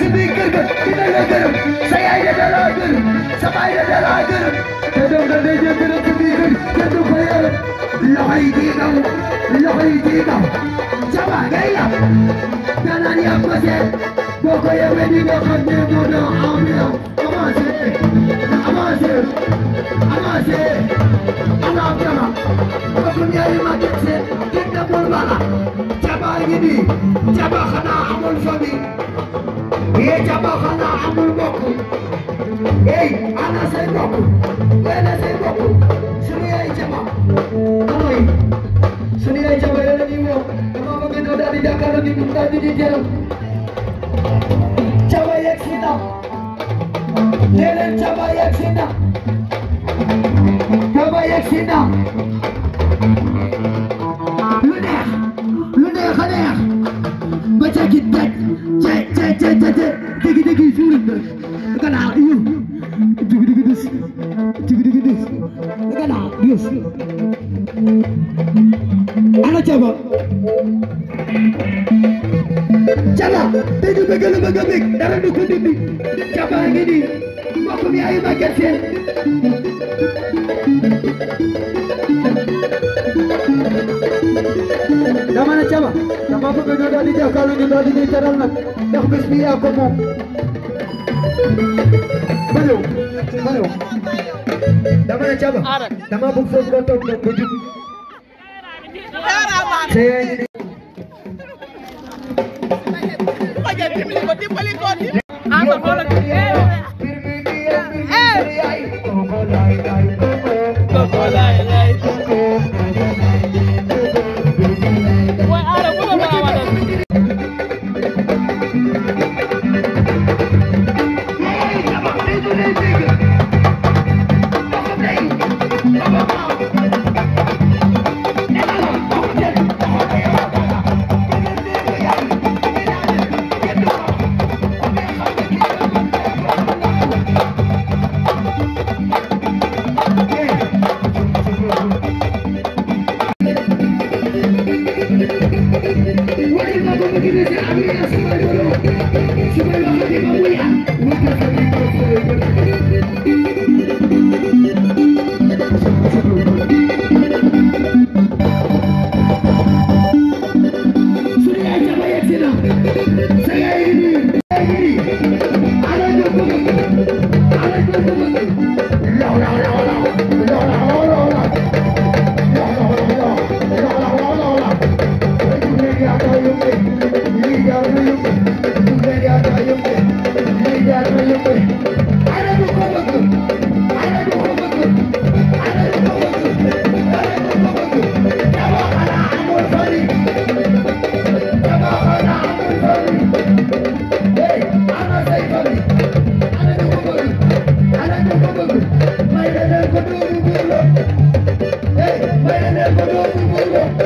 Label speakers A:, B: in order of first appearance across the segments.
A: si biir kër ga dina la gërëm sa yaay da dala gërëm sa baay da dala gërëm te doom da day jël gërëm si biir kër te du ko yërëm loxo yi di daw loxo yi di daw jaba ngay yàq danaan yàq ko seet boo ko yëwee di nga xam ne non non am yow avancé avancé avancé am am jaba bokk ñaari ma teg seet teg na pour bala jaba ngi nii jaba xanaa amul famille yee ca boo xam naa amul mbokk ey ana say mbokk wala say mbokk sunu yaay jama amay sunu yaay jama yéen a ñuy woo dama bëgg ñëw daal di jàkkaarloo di dugg daal di di jëlam jama yegg si na nee leen jama yegg si na jama yegg si na kenal iyo, gede gedes gede gedes kenal gedes ana coba coba tadi begitu begitu darah dukun ini coba gini aku ni ayu makan sih Damana coba, nama aku benar-benar di jaga lu di dalam di jalan nak. Dah kesmi aku mau. ma ñëw ma ñëw dama ne caba dama bëgg foofu nga toog nag ba jub te yaay ni ne Thank you.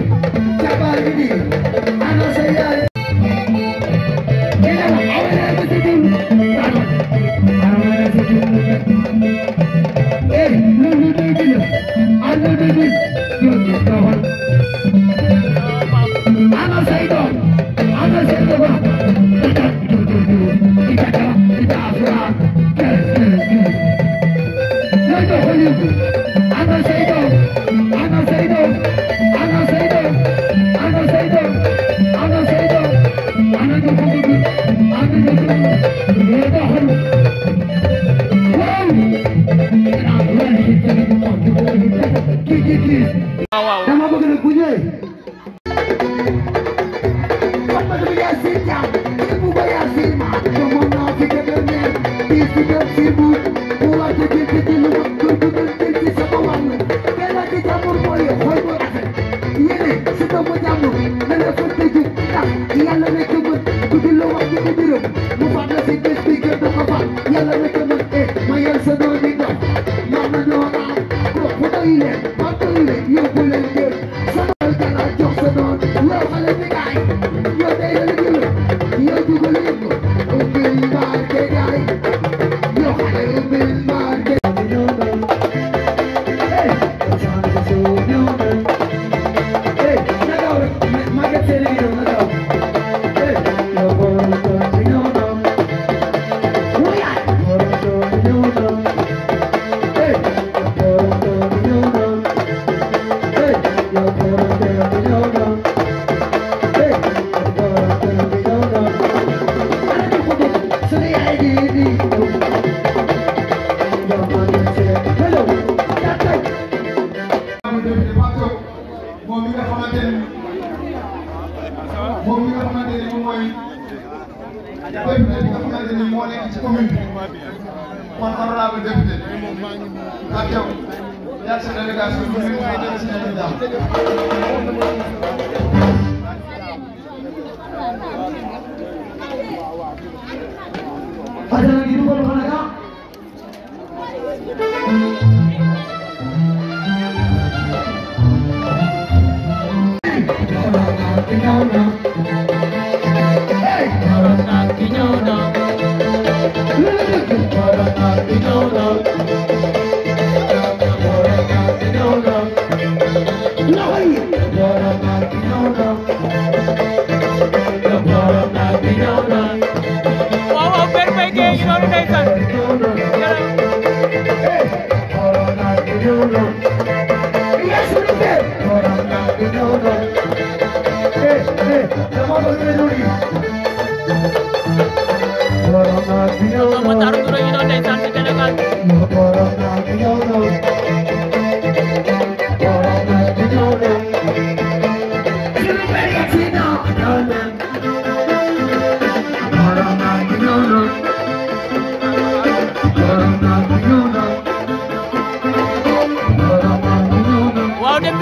A: Thank you.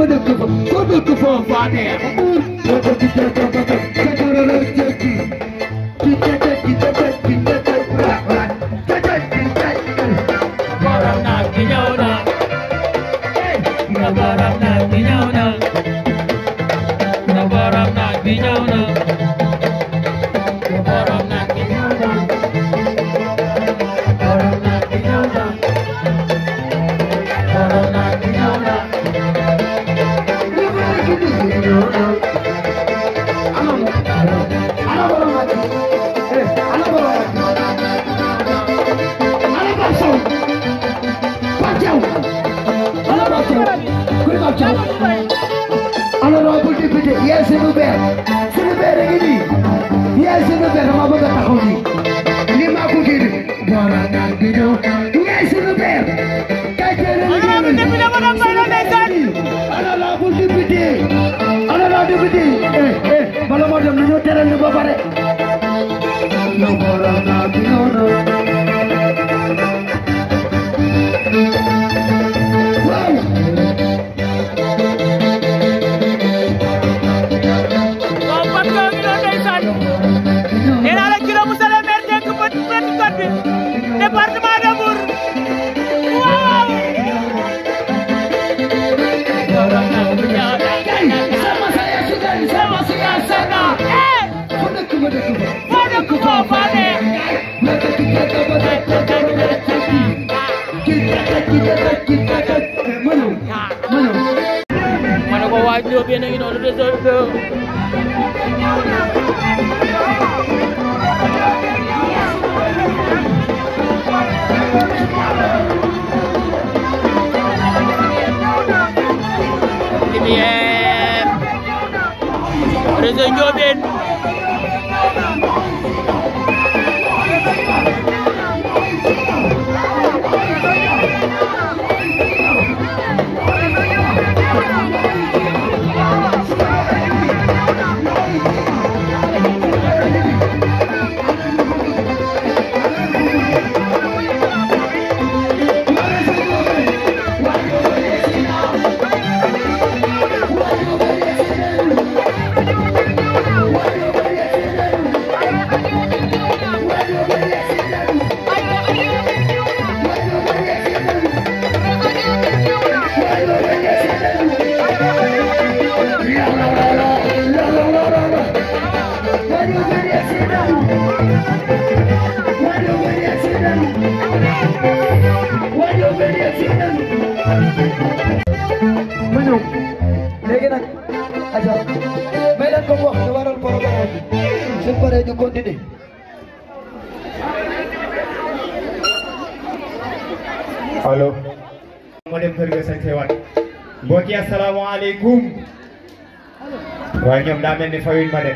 A: ma dëkk fa foo dëkk foo faa neex aja may lan ko wax lu waral programme
B: bi suñ paree ñu continuer allo mo dem kër ga sañ waat mbokki asalaamaaleykum waaye ñoom daa mel ni fayuñ ma de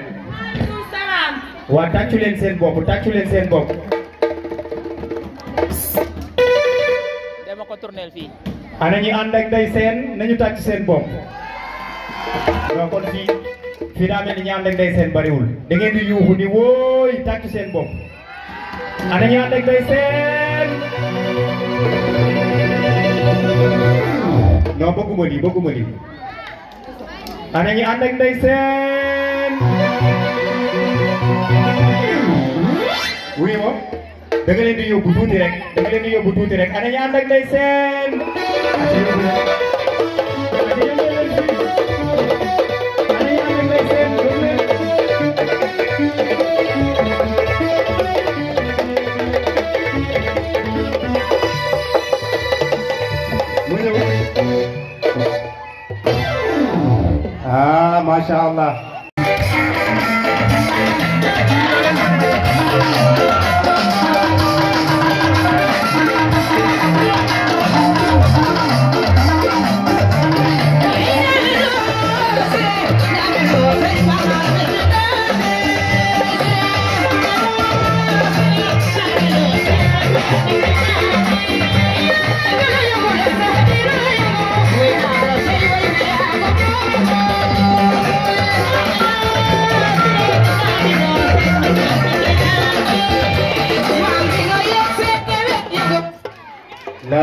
B: waa tàccu leen seen bopp tàccu leen seen bopp dama ko ak day nañu donc kon fii ni ñaan ak day seen bariwul da ngeen di yuuxu ni wooy tàcc seen bopp
A: ana ñaan ak day seen
B: non bëgguma lii bëgguma lii ana ñi ànd ak day seen yang moom da nga leen di yóbbu tuuti rek da nga leen di tuuti rek ana ñi ak day seen maşallah.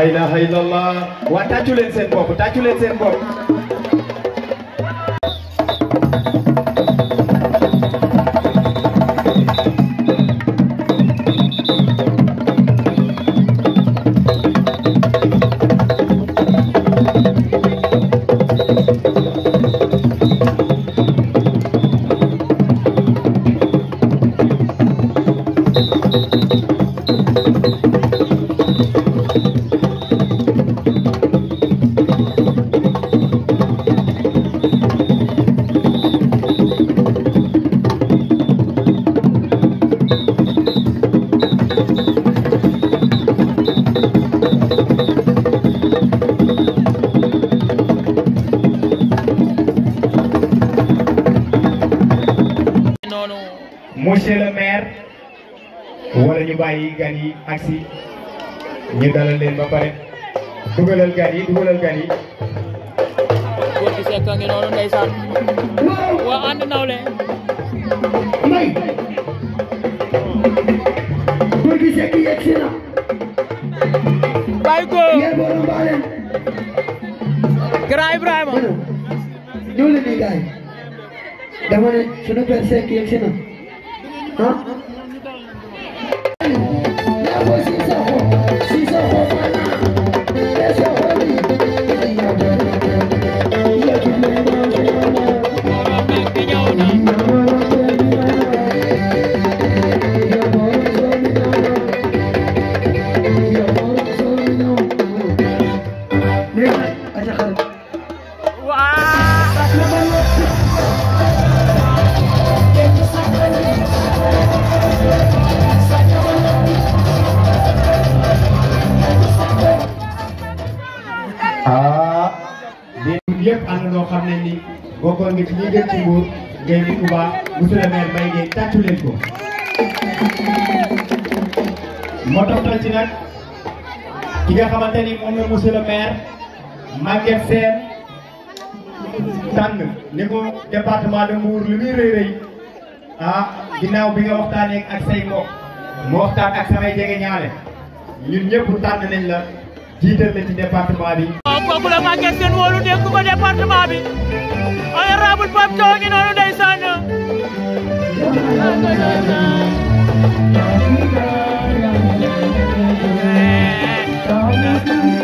B: laa ilaaha illallah waa tàccu leen seen bopp tàccu leen seen bopp monsieur le maire wala ñu bàyyi gan yi dalal leen ba pare dugalal gan dugalal gan yi
A: góor gi sekk a ngi noonu ndeysaan waa ànd nawle bàyyi ko grand Ibrahima diwlin yi gaay dama ne sunu père Seck yegsi na
B: monsieur le maire maguet sen tànn ni département de mour lu muy rëy ah ginaaw bi nga waxtane ak say mok mo waxtane ak samay jege ñaale ñun ñepp tànn nañ la jiital la ci département bi. waaw kooku la Maguette Sène wóolu dégg
A: ko département bi ay rabul pop honorable Pape Thiaw ngi noonu ndeysaan. Eh, eh, eh.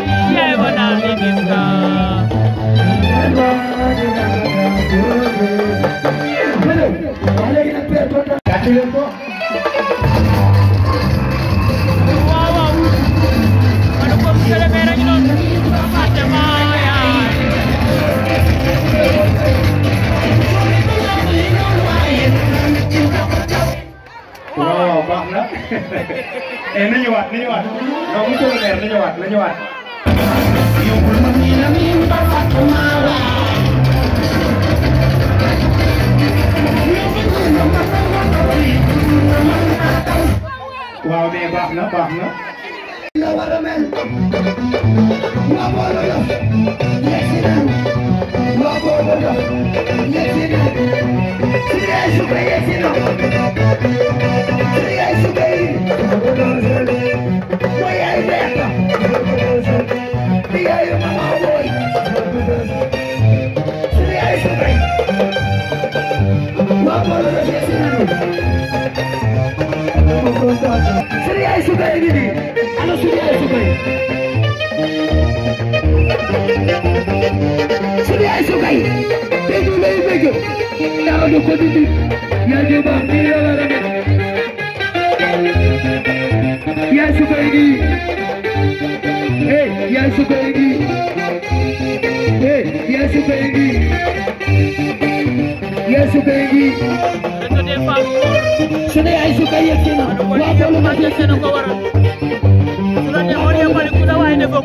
B: เอ็นยวัดนยวัดน้องช่วยเอ็นยวัดนยวัดว้า
A: วบนมันม้ำมีปัสสาว่า
B: Wow, man, bop, no, b
A: يجب يجب أخي ولدك يا سكيني إيه يا سكيني إيه يا سكيني يا سكيني شنو يا سكيني وأقول ما تسنو كورا شنو يا مريم مريم كذا وين فوق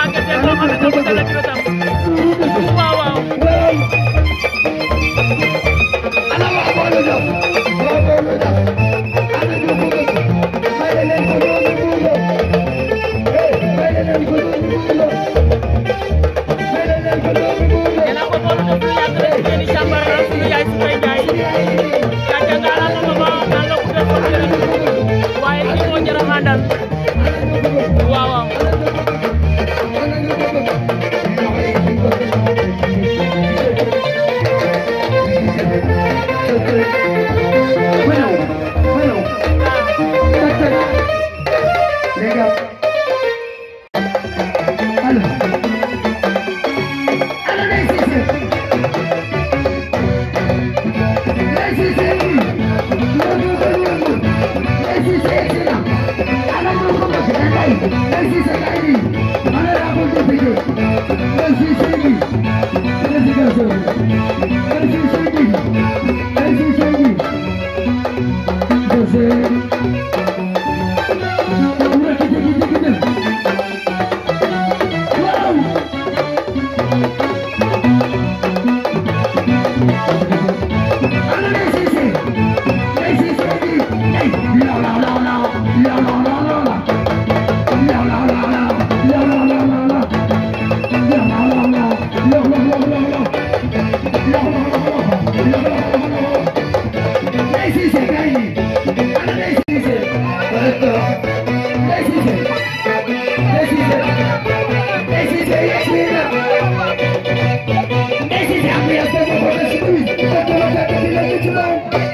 A: Bye.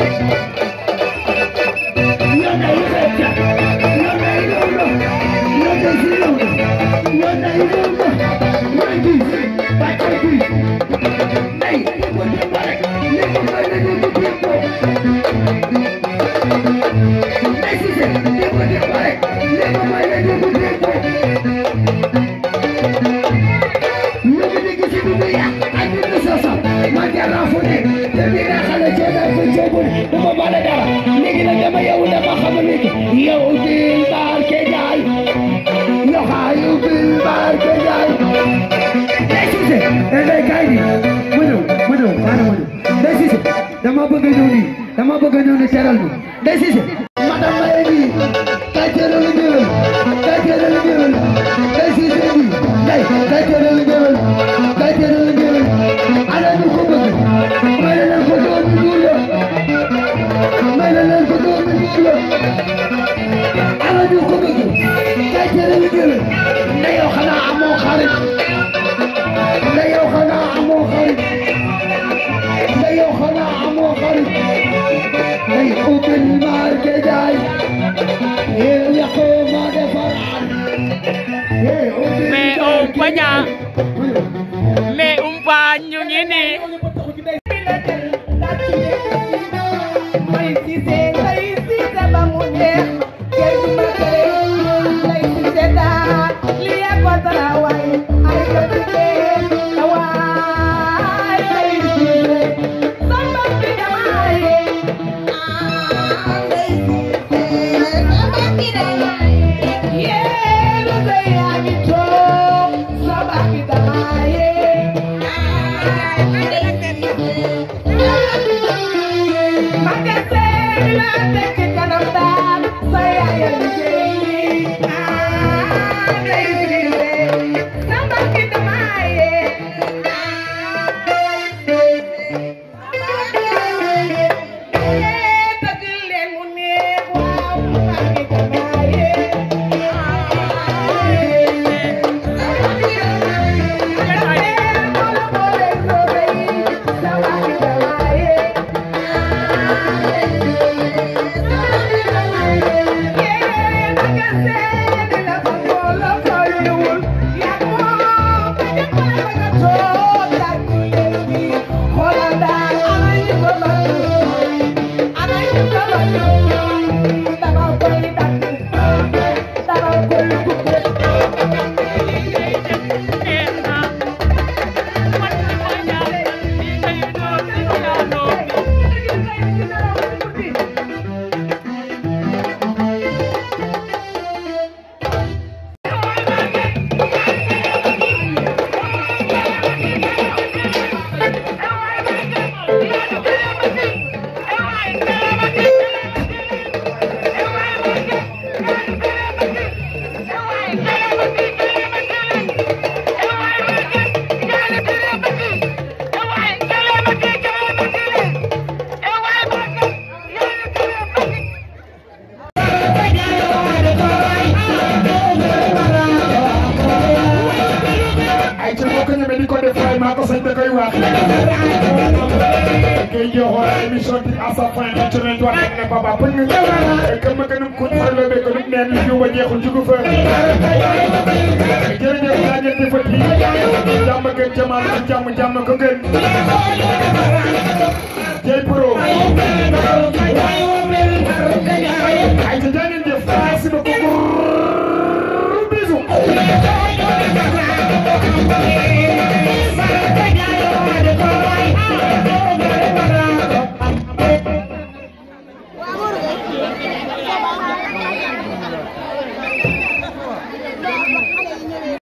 B: babá,